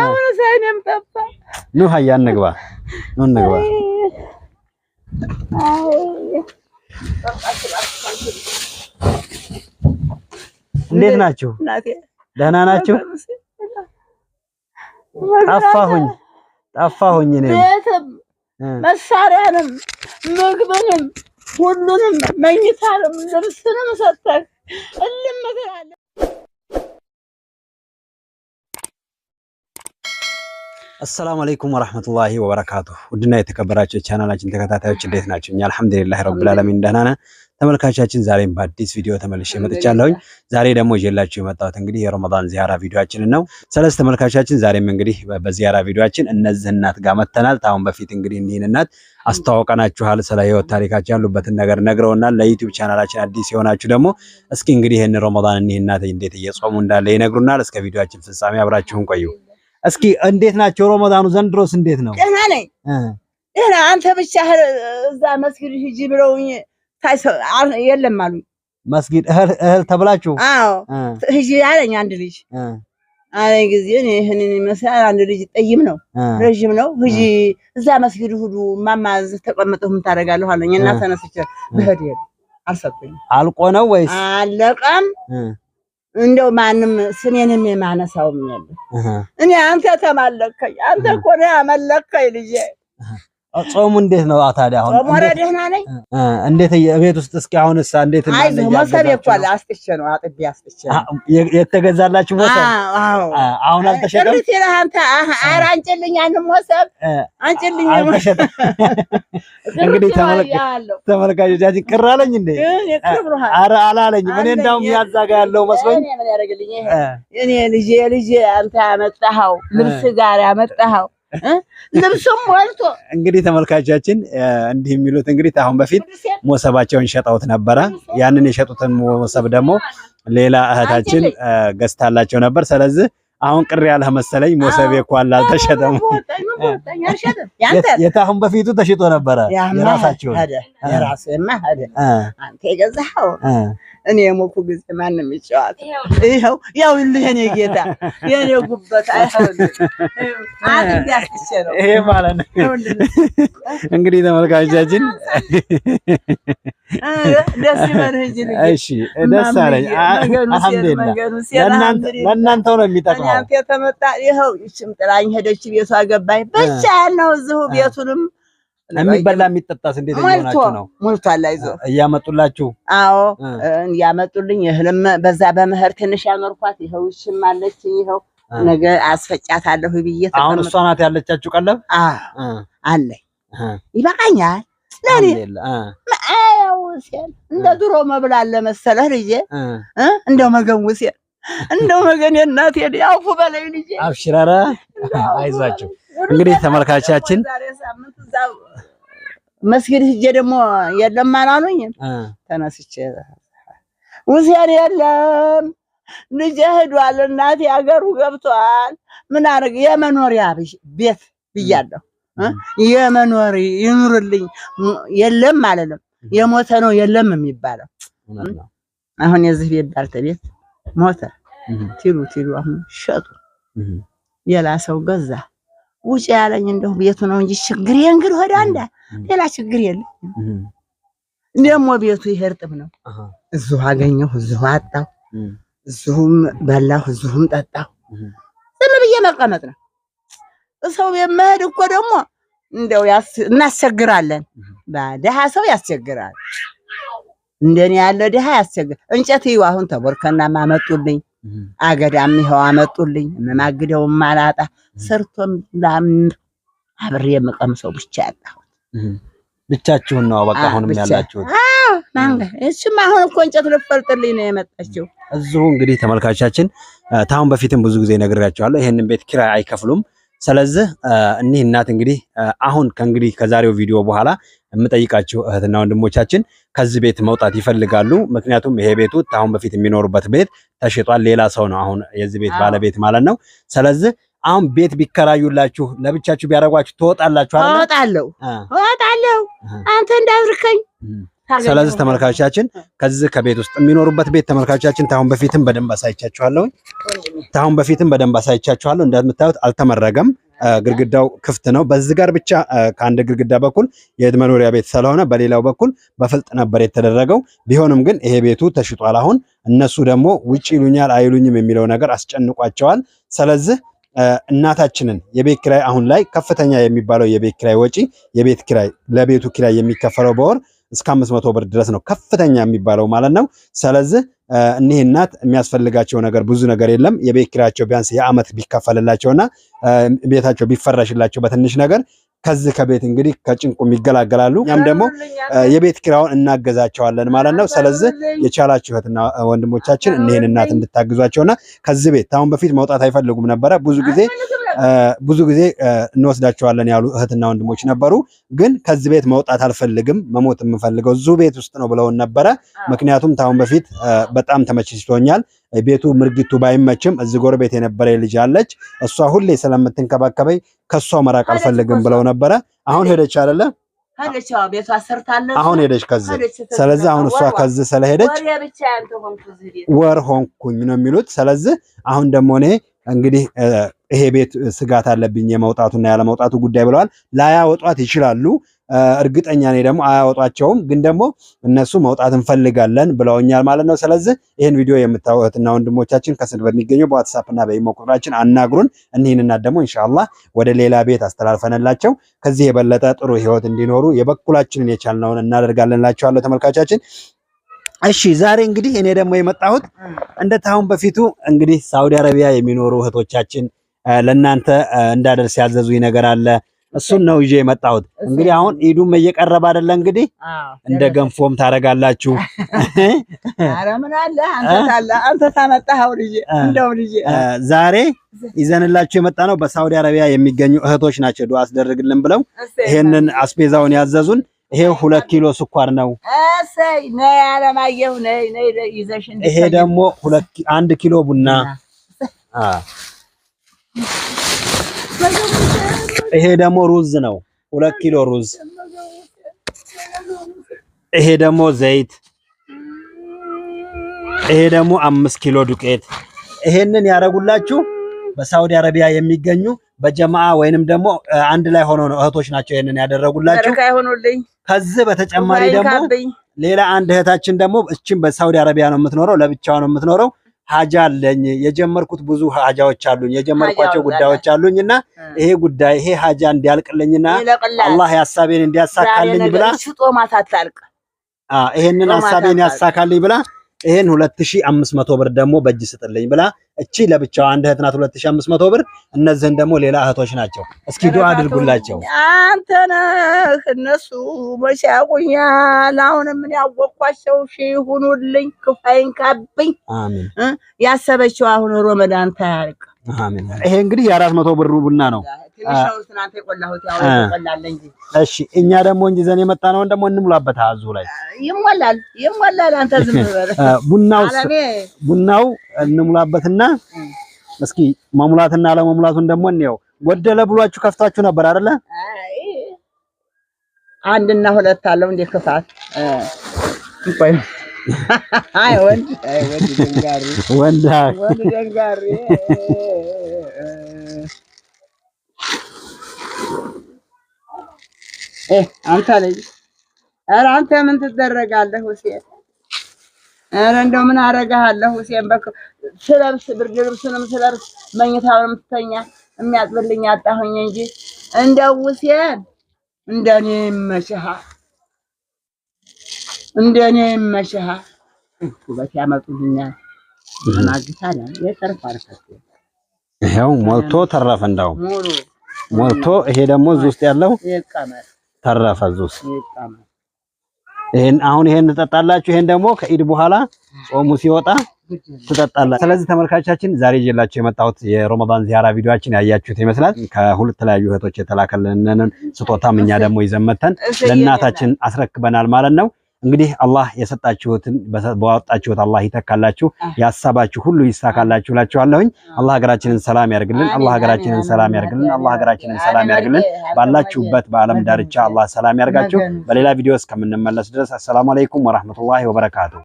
አሁን ሳይንም ጠፋ። ኑ ሀያ እንግባ፣ ኑ እንግባ። እንዴት ናችሁ? ደህና ናችሁ? ጠፋሁኝ ጠፋሁኝ። እኔ መሳሪያንም ምግብንም ሁሉንም መኝታንም ልብስንም ሰጠህ እልም ነገር አለ አሰላሙ አለይኩም ወራህመቱላሂ ወበረካቱ። ውድና የተከበራችሁ ቻናላችን ተከታታዮች እንዴት ናቸው? እኛ አልሐምዱሊላህ ረብል ዓለሚን ደህና ነን። ተመልካቻችን ዛሬም በአዲስ ቪዲዮ ተመልሼ መጥቻለሁኝ። ዛሬ ደግሞ ይዤላችሁ የመጣሁት እንግዲህ የረመዳን ዚያራ ቪዲዮአችንን ነው። ስለዚህ ተመልካቻችን ዛሬም እንግዲህ በዚያራ ቪዲዮአችን እነዚህ እናት ጋር መተናል። ታሁን በፊት እንግዲህ እኒህን እናት አስተዋውቀናችኋል። ስለ ህይወት ታሪካቸው ያሉበትን ነገር ነግረውናል። ለዩቲዩብ ቻናላችን አዲስ የሆናችሁ ደግሞ እስኪ እንግዲህ ይህን ረመዳን እኒህ እናት እንዴት እየጾሙ እንዳለ ይነግሩናል። እስከ ቪዲዮአችን ፍጻሜ አብራችሁን ቆዩ። እስኪ እንዴት ናቸው? ሮመዳኑ ዘንድሮስ እንዴት ነው? ደህና ነኝ። ደህና አንተ ብቻ እዛ መስጊድ ሂጂ ብለውኝ የለም አሉኝ። መስጊድ እህል እህል ተብላችሁ? አዎ ሂጂ አለኝ አንድ ልጅ አለኝ። ጊዜ ይህንን ይመስላል። አንድ ልጅ ጠይም ነው ረዥም ነው። ሂጂ እዛ መስጊድ ሁሉ ማማዝ ተቀመጠሁ ምን ታደርጋለሁ አለኝ እና ተነስቼ ብሄድ የለም አልሰጡኝም። አልቆ ነው ወይስ አለቀም? እንደው ማንም ስሜንም የማነሳውም የለም። እኔ አንተ ተማለከኝ፣ አንተ እኮ ነህ ያመለከኝ ልጄ ጾሙ እንዴት ነው ታዲያ? አሁን ጾሙ ደህና ነኝ። እንዴት ቤት ውስጥ እስኪ አሁን እሳ እንዴት ነው? አይ መሰብ ይኳል አስጥቼ ነው አጥቤ አስጥቼ የተገዛላችሁ ቦታ? አዎ አሁን አልተሸጠም። እርት ይላንተ ኧረ አንጭልኝ፣ አንድ መሰብ አንጭልኝ። እንግዲህ ተመልካቾቻችን ቅር አለኝ እንዴ? ኧረ አላለኝ። እኔ እንዳውም ያዛጋ ያለው መስሎኝ እኔ ልጄ ልጄ አንተ ያመጣኸው ልብስ ጋር ያመጣኸው ልብሱም ሞልቶ እንግዲህ ተመልካቻችን እንዲህ የሚሉት እንግዲህ አሁን በፊት ሞሰባቸውን ሸጠውት ነበረ። ያንን የሸጡትን ሞሰብ ደግሞ ሌላ እህታችን ገዝታላቸው ነበር። ስለዚህ አሁን ቅር ያለ መሰለኝ ሞሰብ እኮ አልተሸጠም። የታሁን በፊቱ ተሽጦ ነበረ የራሳቸውን እኔ የሞኩ ጊዜ ማንም ይጫወት። ይኸው ያው ይልህ የኔ ጌታ የኔ ጉበት ይሄ ማለት ነው። እንግዲህ ተመልካቾቻችን ደስ ይበልህ እንጂ እሺ፣ ደስ አለኝ። አልሐምዱሊላህ ለእናንተው ነው የሚጠቅመው። የተመጣ ይኸው ይችም ጥላኝ ሄደች፣ ቤቷ ገባኝ። ብቻ ያልነው እዚሁ ቤቱንም የሚበላ የሚጠጣስ እንዴት እየሆናችሁ ነው? ሞልቷል። አይዞ እያመጡላችሁ። አዎ እያመጡልኝ። እህልም በዛ በመኸር ትንሽ ያመርኳት ይኸው እሽም አለችኝ። ይኸው ነገ አስፈጫታለሁ ብዬ አሁን እሷ ናት ያለቻችሁ ቀለብ አለ ይበቃኛል ለኔ ውሴን እንደ ድሮ መብላል ለመሰለህ ልጄ እንደው መገን ውሴን እንደው መገን የእናቴ ያውፉ በላይ ልጄ አብሽራራ አይዛችሁ እንግዲህ ተመልካቻችን መስጊድ ሂጄ ደግሞ የለም አላሉኝ። ተነስቼ ውስያን የለም ልጄ ሄዷል፣ እናቴ አገሩ ገብቷል። ምን አድርግ የመኖሪያ ቤት ብያለሁ። የመኖሪ ይኑርልኝ የለም አለለም። የሞተ ነው የለም የሚባለው። አሁን የዚህ ቤት ባልተቤት ሞተ፣ ቲሉ ቲሉ አሁን ሸጡ፣ ሌላ ሰው ገዛ። ውጭ ያለኝ እንደው ቤቱ ነው እንጂ ችግር እንግዲህ ወደ አንዳ ሌላ ችግር የለም። ደግሞ ቤቱ ይሄ እርጥብ ነው። እዚሁ አገኘሁ፣ እዚሁ አጣሁ፣ እዚሁም በላሁ፣ እዚሁም ጠጣሁ። ዝም ብዬ መቀመጥ ነው። ሰው የመሄድ እኮ ደግሞ እንደው እናስቸግራለን። ደሃ ሰው ያስቸግራል። እንደኔ ያለ ደሃ ያስቸግር። እንጨት ይዋሁን አሁን ተቦርከና ማመጡልኝ አገዳም ይኸው አመጡልኝ። የማግደውም ማላጣ ሰርቶም ላምር አብሬ የምቀምሰው ብቻ ያጣሁት ብቻችሁን ነው። በቃ አሁንም ያላችሁት እሱም አሁን እኮ እንጨት ልፈልጥልኝ ነው የመጣችው። እዚሁ እንግዲህ ተመልካቻችን ታሁን በፊትም ብዙ ጊዜ ነግሬያቸዋለሁ። ይሄንን ቤት ኪራይ አይከፍሉም። ስለዚህ እኒህ እናት እንግዲህ አሁን ከእንግዲህ ከዛሬው ቪዲዮ በኋላ የምጠይቃችሁ እህትና ወንድሞቻችን ከዚህ ቤት መውጣት ይፈልጋሉ። ምክንያቱም ይሄ ቤቱ አሁን በፊት የሚኖሩበት ቤት ተሽጧል። ሌላ ሰው ነው አሁን የዚህ ቤት ባለቤት ማለት ነው። ስለዚህ አሁን ቤት ቢከራዩላችሁ ለብቻችሁ ቢያደርጓችሁ ትወጣላችሁ? እወጣለሁ፣ እወጣለሁ። አንተ እንዳዝርከኝ ስለዚህ ተመልካቾቻችን ከዚህ ከቤት ውስጥ የሚኖሩበት ቤት ተመልካቾቻችን ታሁን በፊትም በደንብ አሳይቻችኋለሁ። ታሁን በፊትም በደንብ አሳይቻችኋለሁ። እንደምታዩት አልተመረገም። ግድግዳው ክፍት ነው። በዚህ ጋር ብቻ ከአንድ ግድግዳ በኩል መኖሪያ ቤት ስለሆነ በሌላው በኩል በፍልጥ ነበር የተደረገው። ቢሆንም ግን ይሄ ቤቱ ተሽጧል። አሁን እነሱ ደግሞ ውጭ ይሉኛል አይሉኝም የሚለው ነገር አስጨንቋቸዋል። ስለዚህ እናታችንን የቤት ኪራይ አሁን ላይ ከፍተኛ የሚባለው የቤት ኪራይ ወጪ የቤት ኪራይ ለቤቱ ኪራይ የሚከፈለው በወር እስከ አምስት መቶ ብር ድረስ ነው ከፍተኛ የሚባለው ማለት ነው። ስለዚህ እኒህ እናት የሚያስፈልጋቸው ነገር ብዙ ነገር የለም። የቤት ኪራያቸው ቢያንስ የአመት ቢከፈልላቸውና ቤታቸው ቢፈረሽላቸው በትንሽ ነገር ከዚህ ከቤት እንግዲህ ከጭንቁ ይገላገላሉ። ያም ደግሞ የቤት ኪራውን እናገዛቸዋለን ማለት ነው። ስለዚህ የቻላችሁ እህትና ወንድሞቻችን እኒህን እናት እንድታግዟቸውና ከዚህ ቤት አሁን በፊት መውጣት አይፈልጉም ነበረ ብዙ ጊዜ ብዙ ጊዜ እንወስዳቸዋለን ያሉ እህትና ወንድሞች ነበሩ። ግን ከዚህ ቤት መውጣት አልፈልግም፣ መሞት የምፈልገው እዙ ቤት ውስጥ ነው ብለውን ነበረ። ምክንያቱም ታሁን በፊት በጣም ተመችቶኛል። ቤቱ ምርጊቱ ባይመችም እዚህ ጎረቤት የነበረ ልጅ አለች፣ እሷ ሁሌ ስለምትንከባከበኝ ከእሷ መራቅ አልፈልግም ብለው ነበረ። አሁን ሄደች አይደለ? አሁን ሄደች ከዚህ። ስለዚህ አሁን እሷ ከዚህ ስለሄደች ወር ሆንኩኝ ነው የሚሉት። ስለዚህ አሁን ደግሞ እኔ እንግዲህ ይሄ ቤት ስጋት አለብኝ የመውጣቱና ያለመውጣቱ ጉዳይ ብለዋል። ላያወጧት ይችላሉ። እርግጠኛ ነኝ ደግሞ አያወጧቸውም፣ ግን ደግሞ እነሱ መውጣት እንፈልጋለን ብለውኛል ማለት ነው። ስለዚህ ይህን ቪዲዮ የምታዩ ወንድሞቻችን ከስር በሚገኘው እና በኢሞ ቁጥራችን አናግሩን። እኒህን እናት ደግሞ እንሻላ ወደ ሌላ ቤት አስተላልፈንላቸው ከዚህ የበለጠ ጥሩ ህይወት እንዲኖሩ የበኩላችንን የቻልነውን እናደርጋለን ላቸዋለሁ ተመልካቻችን። እሺ ዛሬ እንግዲህ እኔ ደግሞ የመጣሁት እንደታሁን በፊቱ እንግዲህ ሳውዲ አረቢያ የሚኖሩ እህቶቻችን ለእናንተ እንዳደርስ ያዘዙኝ ነገር አለ። እሱን ነው ይዤ የመጣሁት። እንግዲህ አሁን ኢዱም እየቀረበ አይደለ? እንግዲህ እንደ ገንፎም ታደርጋላችሁ። ኧረ ምን አለ አንተ ታመጣኸው ልጄ፣ እንደው ልጄ ዛሬ ይዘንላችሁ የመጣ ነው። በሳውዲ አረቢያ የሚገኙ እህቶች ናቸው ዱዓ አስደርግልን ብለው ይሄንን አስቤዛውን ያዘዙን። ይሄ ሁለት ኪሎ ስኳር ነው። እሰይ ነይ አለማየሁ ነይ ነይ ይዘሽ። ይሄ ደግሞ አንድ ኪሎ ቡና ይሄ ደግሞ ሩዝ ነው፣ ሁለት ኪሎ ሩዝ። ይሄ ደግሞ ዘይት። ይሄ ደግሞ አምስት ኪሎ ዱቄት። ይሄንን ያደረጉላችሁ በሳውዲ አረቢያ የሚገኙ በጀማአ ወይንም ደግሞ አንድ ላይ ሆኖ ነው እህቶች ናቸው ይሄንን ያደረጉላችሁ። ከዚህ በተጨማሪ ደግሞ ሌላ አንድ እህታችን ደግሞ እችን በሳውዲ አረቢያ ነው የምትኖረው፣ ለብቻዋ ነው የምትኖረው ሀጃ አለኝ የጀመርኩት ብዙ ሀጃዎች አሉኝ የጀመርኳቸው ጉዳዮች አሉኝ እና ይሄ ጉዳይ ይሄ ሀጃ እንዲያልቅልኝና አላህ ሀሳቤን እንዲያሳካልኝ ብላ ይሄንን ሀሳቤን ያሳካልኝ ብላ ይሄን 2500 ብር ደግሞ በእጅ ስጥልኝ ብላ እቺ ለብቻው አንድ እህት ናት 2500 ብር። እነዚህን ደግሞ ሌላ እህቶች ናቸው። እስኪ ዱአ አድርጉላቸው። አንተ ነህ እነሱ መቼ ያውቁኛል። አሁን ምን ያወቅኳቸው ሺ ሁኑልኝ፣ ክፋይን ካብኝ። አሜን። ያሰበችው አሁን ሮመዳን ታያልቅ። አሜን። ይሄ እንግዲህ የአራት መቶ ብሩ ቡና ነው። እሺ እኛ ደግሞ እንጂ ዘን የመጣ ነው ደግሞ እንሙላበት። አዙ ላይ ይሞላል ይሞላል። አንተ ዝም ብለህ ቡናው ቡናው እንሙላበትና እስኪ መሙላትና አለመሙላቱን ደግሞ እንየው። ጎደለ ብሏችሁ ከፍታችሁ ነበር አይደለ? አንድና ሁለት አለው እንዴ ክፋት እንኳን አይ ወንድ አይ ወንድ ደንጋሪ ወንድ ደንጋሪ አንተ ልጅ ኧረ አንተ ምን ትደረጋለህ ሁሴን? ኧረ እንደው ምን አደርግሃለሁ ሁሴን? በቃ ስለብስ ብርድ ልብሱንም ስለብስ መኝታውንም ስተኛ የሚያጥብልኝ አጣሁኝ እንጂ እንደው ሁሴን እንደኔ ይመችሃ፣ እንደኔ ይመችሃ። ውበት ያመጡልኛል ማግታላ የሰርፋ አርፈት ይሄው ሞልቶ ተረፈ። እንዳው ሞልቶ ይሄ ደግሞ እዚህ ውስጥ ያለው ተረፈ። እዚህ ውስጥ ይሄን አሁን ይሄን ትጠጣላችሁ። ይሄን ደግሞ ከኢድ በኋላ ጾሙ ሲወጣ ትጠጣላችሁ። ስለዚህ ተመልካቻችን ዛሬ ይዤላችሁ የመጣሁት የረመዳን ዚያራ ቪዲዮአችን ያያችሁት ይመስላል። ከሁለት ተለያዩ እህቶች የተላከልንን ስጦታም እኛ ደግሞ ይዘመተን ለእናታችን አስረክበናል ማለት ነው። እንግዲህ አላህ የሰጣችሁትን በወጣችሁት አላህ ይተካላችሁ፣ ያሳባችሁ ሁሉ ይሳካላችሁ እላችኋለሁኝ። አላህ ሀገራችንን ሰላም ያርግልን። አላህ ሀገራችንን ሰላም ያርግልን። አላህ ሀገራችንን ሰላም ያርግልን። ባላችሁበት በአለም ዳርቻ አላህ ሰላም ያርጋችሁ። በሌላ ቪዲዮ እስከምንመለስ ድረስ አሰላሙ አለይኩም ወራህመቱላሂ ወበረካቱ።